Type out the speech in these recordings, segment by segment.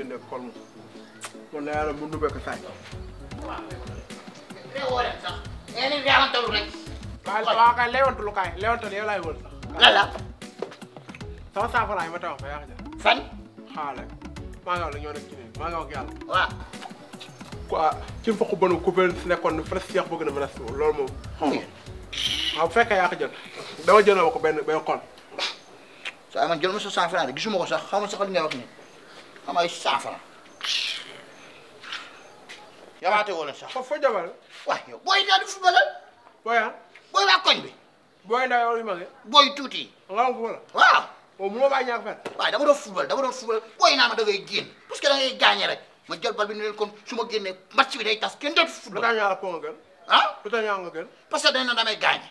jëndee xol moom kon la yàlla mënu bëgg saay. waaw léegi woo leen sax léegi ñu leewantalu rek. waaw waaw kay leewantalu kaay leewantalu yow laay wër. lan la. sama saafaraay ma taw fa yaa xam ne. fan. xaaral maa ngi wax la ñoo nekk ci nekk maa ngi wax ak yàlla. waaw. quoi ci mbokku banu couvert si nekkoon ne presque yàqu bëgg na mën a si loolu moom. xam nga waaw bu fekkee yaa ko dama jëloo ko benn benn xol. soo amoon jël ma sa cent gisuma ko sax xaw ma sax nga wax nii. amay cent franc yabaate wala sax. foofu foo jabal. waaw booy daal di footballal. booy ah. booy waa koñ bi. booy ndaw yow li ma booy tuuti. nga am football. waaw. waaw oh, mënoo baa ñàkk fan. waaw dama doon football dama doon football booy naa ma da ngay génn parce que da ngay gaañe rek ma jël bal bi ne leen kon su ma génnee match bi day tas kenn dootu football. lu tax ñaar ponk gën. Ah? nga gën. parce que dañ na damay gaañe.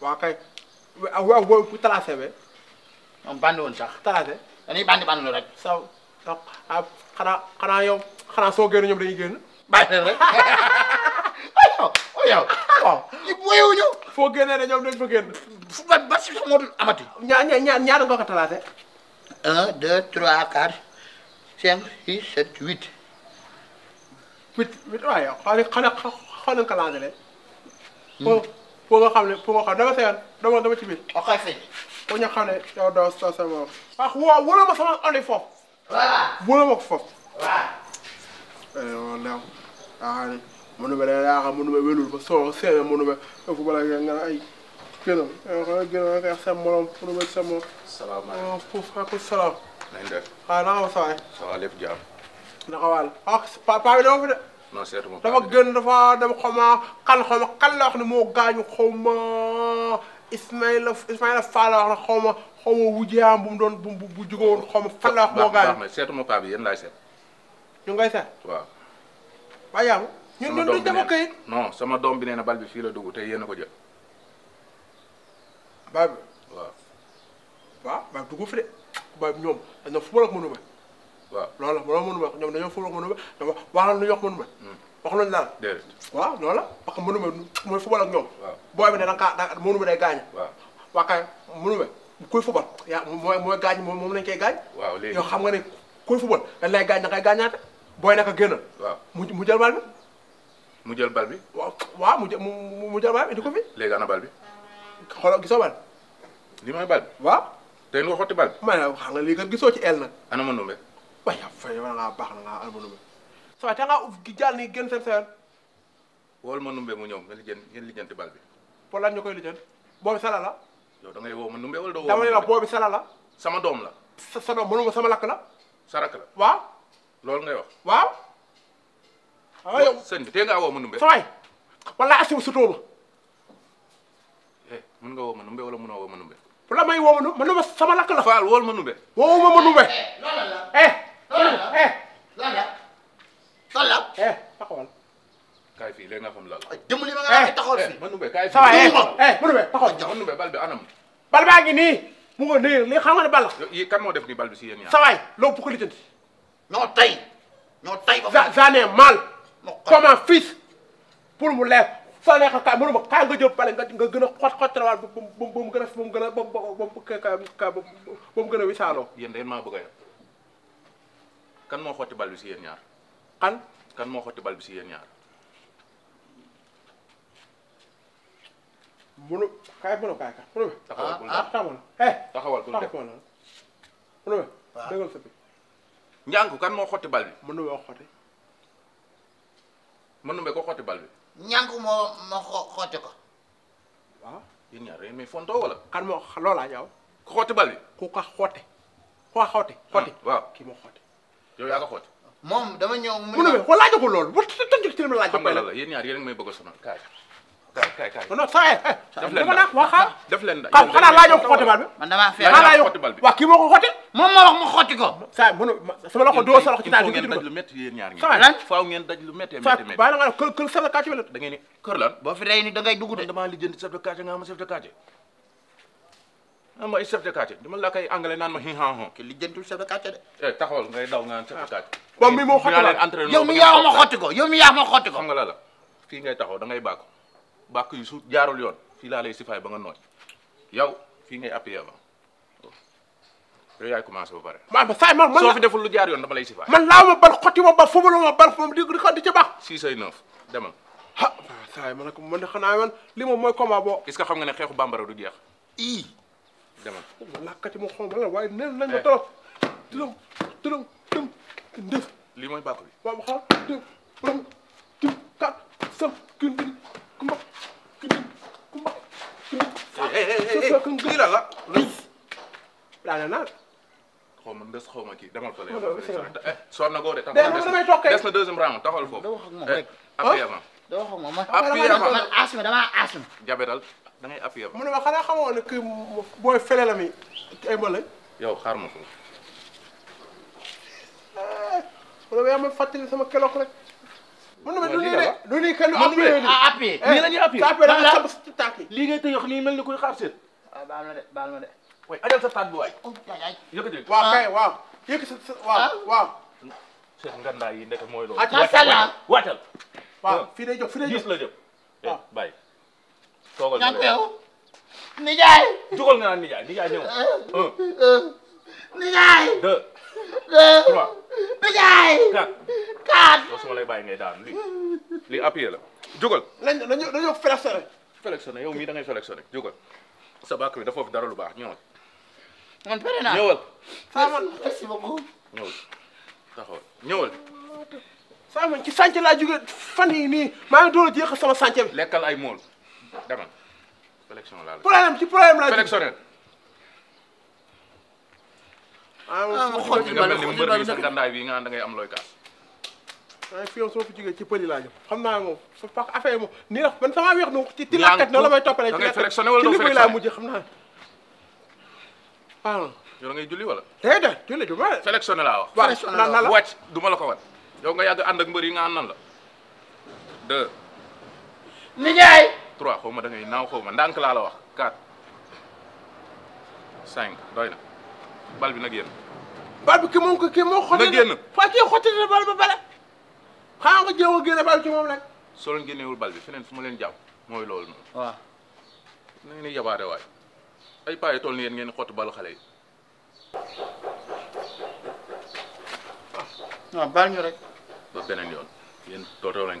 waaw kay waaw booy bu talaase be. moom bandi sax. talaase. dañuy bandi bandi rek. saw saw ah xanaa yow xanaa soo génn ñoom dañuy génn. bàyyi leen rek. yow yow waaw. ñu foo génnee ne ñoom dañ fa génn. fu ba ba amati. ñaar ñaar talaase. un deux trois quatre cinq six sept huit. huit huit waaye xaaral xaaral xaaral nga pour nga xam ne pour nga xam dama seen dama dama ci biir. ok si. pour ñu xam ne yow doo sa sa moom. wax woo wóolu ma sama andi foofu. voilà wóolu ma ko foofu. Eh, waaw. léegi ah ni mu nu ma nee naa xam mu nu ma wélul ba soo seetlu mu nu ma fu ma la nga ay gënam gënam ak sa morom mu nu ma sa morom. salaamaaleykum oh, foofu ak salaam. nañ def. waaw ah, na nga ma saa yi. ça va lépp jàmm. naka wàll ah paa bi dama fi de. non seetuma dama gën dafa dama xawma xan xawma xan la wax ne moo gaañu xawma Ismaïla Ismaïla Fall la wax ne xawma xawma wujaam bu mu doon bu bu jugowoon xawma fan la wax moo gaañu mais seetuma paa bi yéen laay set ñu ngay seet waaw waaye yaamu ñun ñun sama doom bi nee na bal bi fii la dugg te yéen ko jël bal bi waaw waaw bal dugg fi de bal bi ñoom dañ na football ak mënu ma waaw loolu la loolu mënu ma ñoom dañoo ful wax mënu ma dama wax nañ lu yox mënu ma hmm. wax nañ daal déedéet waaw loolu la parce que mënu ma mooy fubal ak ñoom booy bi ne da nga kaa mënu ma day gaañ waaw waa kay mënu ma kuy fubal yaa mooy mooy gaañ moom lañ koy gaañ waaw léegi yow xam nga ne kuy fubal dañ lay gaañ da ngay gaañaate booy naka génnal waaw mu mu jël bal bi mu jël bal bi waaw waaw mu jël mu jël bal bi indi ko fi léegi ana bal bi xoolal gisoo bal li mooy bal bi waaw tey nga xotti bal bi ma ne xam nga lii kat gisoo ci el nag ana ma numbe waaye yaa fay war ngaa baax na ngaa alma numbe sa waay te ngaa uf gi jàll nii gën seen seen wool ma numbe mu ñëw nga lijjan ngeen lijjanti bal bi pour la yow da woo ma numbe wala doo woo sama doom la sa doom sama lakk la sa rakk la waaw loolu ngay wax waaw ah, waaw woo ma numbe sa mën eh, ma numbe wala pour la may woo ma numbe ma numbe sama lakk la faal wool ma numbe woo ma ma numbe na fam lal demul ba nga eh, taxol eh, fi man numbe kay fi eh, eh man numbe taxol man numbe bal bi anam bal ba ngi ni mu nga neer li xam nga bal kan mo def ni bal bi ci yeen ya sa way lo bu ko li teunti no tay no tay ba j'en ai mal comme un fils pour mu leer sa neex ka mënu ma ka nga jël bal nga nga gëna xot xot wal bu bu bu gëna bu gëna bu bu ka bu gëna wisalo yeen dañ ma bëgg kan mo xoti bal bi ci yeen ñaar kan kan mo xoti bal bi ci yeen ñaar bunu kaay bunu kaay kaay kan moo xotti bal bi. mënu ma ko xotti. mënu ma ko xotti bal bi. njànku moo moo xo xotti ko. waaw yéen ñaar yéen may fontoo wala. kan moo loolaa yow. ku xotti bal bi. ku ko xotti. ku ko xotti. xotti waaw kii moo xotti. yow yaa ko xotti. moom dama ñëw. mënu ko laaj ko loolu bu tënk ci ma laaj. xam nga la yéen ñaar yéen a ngi may bëgg a sonal kay kay non saa yee. Eh. daf leen da waaw xaar daf leen da xaar xanaa laajoo ko xotti bal bi. man damaa fexe xanaa laajoo waaw kii moo ko xotti. moom moo wax mu xotti ko. saa mënu sama loxo doo sa loxo ci taal bi ngeen daj lu métti yéen ñaar ngeen. lan faaw ngeen daj lu méttee métti métti. bàyyi la nga kër kër chef de quartier bi la da ngeen ni kër lan. boo fi rey ni da ngay dugg de. damaa lijjanti chef de quartier nga am chef de quartier. am ay chef de quartier dama la koy anglais naan ma hi ha ho. ki lijjantul chef de quartier de. Eh, taxawal ngay daw nga chef de ah. quartier. moom mi moo xotti ko yow mi yaa ma xotti ko yow mi yaa ma xotti ko. xam nga la la fii ngay taxaw da ngay bàkku bàkk yu su jaar yoon fii laa lay sifaay ba nga nooy yow fii ngay appuyé avant yow yaay commencé ba pare. waaw mais saa yi man man soo fi deful lu jaar yoon dama lay sifaay. man laaw ma bal xotti ma bal fubalu ma bal moom di di xaw di ci baax. six ay neuf demal. ah saa yi man nag li moom mooy combat boo. est-ce que xam nga ne xeexu bambara du jeex. ii demal. lakkati ma xaw ma la waaye nee nañ ma trop. turam turam turam ndef. lii mooy bàkk bi. waaw xam turam turam kat sam kii. Eh, eh, eh, lii la la daana naan xaw ma ndës xaw ma kii demal fële soor na goo na deuxième round taxawal foofu da wax ak moom rek appui avant da wax ak moom appui avant man asma damaa asma jabetal da ngay appui kii booy fele la mi ay mbalañ yow xaar ma foofu mu ne ma yaa ma fàttali sama kelook rek mais du nii de du nii kenn du appuyé nii appuyé nii ah, la ñuy appuyé lii ngay tëj wax nii mel ni kuy xaar seet ah, ma de baal ma de waay ajal sa taat bi waay oh, yëkkati waaw kay waaw yëkkati sa waaw ah? waaw yi ndeke mooy loolu masallah waatal waaw fii day jóg fii day jóg gis la jóg eh, waaw bàyyi toogal ñaan ko yow nijaay jugal nga naan nijaay nijaay ñëw eh, un eh. nijaay daan. yow su ma lay ngay daan lii lii appuyé la jógal. lañ dañoo dañoo sélectionné. sélectionné yow mii da ngay sélectionné jógal sa bàkk bi dafa fi dara lu baax ñëwal. man pare naa ñëwal. Saaman merci ci sànce laa jóge fan nii maa ngi door a jeexal sama lekkal ay mool demal. sélection laa la problème ci problème laa. sélectionnel. ah, ah ma xool ci mbala xool ci mbala bi nga xam da ngay am looy kaas. waaye eh, fi yow soo fi ci pëli laa xam naa moom sa pax affaire moom nii la man sama weex nu ci ci làkkat noonu may toppalee ci làkkat ci li koy laa mujj xam naa waaw yow laa wax sélectionné laa wax wàcc du ma la ko wan yow nga yàgg ànd ak mbër yi nga àndal la deux nijaay trois xaw ma da ngay naaw xaw ma ndànk laa la wax quatre cinq doy na bal bi nag yéen bal bi ki moo xotti fa kii xotti bal ba bale xanaa ko jéem a bal ci moom nag. soo leen bal bi feneen fu ma leen jàpp mooy loolu noonu. waaw na ngeen di ay paa yi ni yéen ngeen xott balu xale yi. waaw ah. ah, ñu rek. ba yoon lañ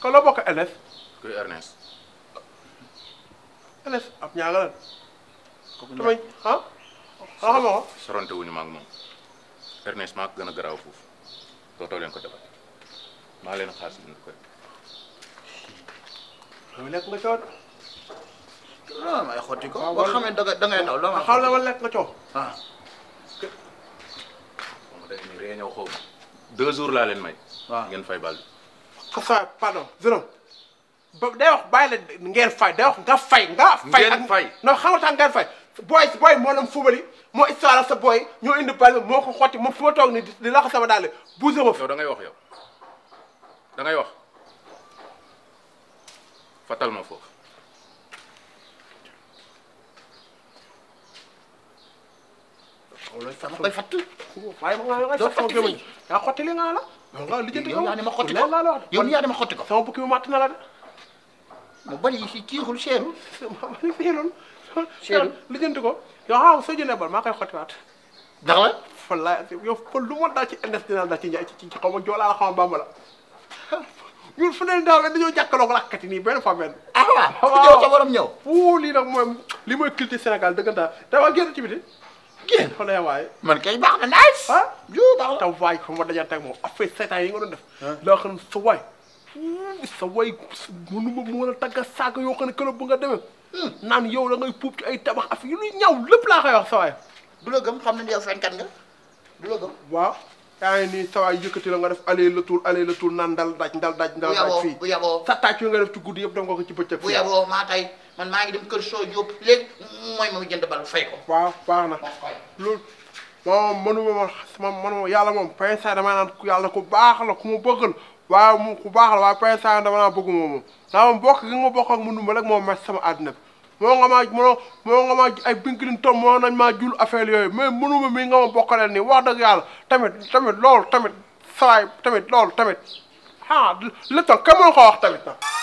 ko bokk Ernest. kuy Ernest. Ah? Ernest ab ñaaga lan. kooku ñaaga tamit ah. xaw ma wuñu Ernest mak ko gën a dootoo leen ko defal maa leen xaas mu ko yow lekk nga coono. non may xotti ko. waaw boo xamee da ngay daw loo ma. xaw la wala lekk nga coono. ah. moom day ni réunion xaw ma deux jours laa leen may. waaw ngeen fay bal bi. xasaar pardon zéro. ba day wax bàyyi la ngeen fay day wax nga fay. nga fay ak ngeen fay non xamal tax ngeen fay. booy booy moo lam fubali moo histoire sa booy ñoo indi bal moo ko xotti moom fu ma toog ni di sama daal bougé ma yow da ngay wax yow wax fatal ma foofu loolu sax ma koy fatt waaye ma nga doo yaa xotti li nga la ma nga lijjanti ko yow yaa ne ma xotti ko yow yaa ne ma sama bukki bi màtt na la de mu bari yi si ciixul seerul Seydou lijjanti ko yow ah soo jëlee bal maa koy xottiwaat. ndax la wallaay yow pël lu ma daal ci indes dinaa daal ci njaay ci ci xaw ma joolaa la xaw ma bàmba la ñun fu ne daaw dañoo jàkkaarloo ko lakkat yi nii benn fois benn. ah waaw ku ñëw sa borom ñëw. wuu lii nag mooy li mooy culture Sénégal dëggantaan daawa génn ci biti génn fa la waaye. man kay baax na nice. ah juu baax na taw waay fa ma dajante ak moom affaire seetaan yi nga doon def. Ah. loo xam sa waay sa waay mënu ma mën a tagga saako yoo xam ne këlëb bu nga demee. naan yow la ngay puub ci ay tabax af yu ñaw lépp laa koy wax sawaay du la gëm xam na yow fenkat nga du la gëm waaw yaa ngi nii sawaay yëkkati la nga def aller retour aller retour naan dal daaj dal daaj dal daaj fii bu yaboo sa tàcc nga def ci guddi yëpp def nga ko ci bëccëg man maa ngi dem kër soo jóob léegi mooy moom jënd bal fay ko waaw baax na moom mënuma ma sama mënuma yàlla moom pay sa dama naan yàlla ku baax la ku mu bëggal waaye moom ku baax la waaye président dama naa bëgg moom moom ndax moom bokk gi nga bokk ak mu ndumba rek moo màcc sama àddina bi moo nga maa mënoo moo nga maa ay binkilin tom moo na maa jul affaire yooyu mais mënuma mi nga ma bokkaleen nii wax dëgg yàlla tamit tamit lool tamit salaay tamit lool tamit ah lépp tam kenn mënu ko wax tamit nag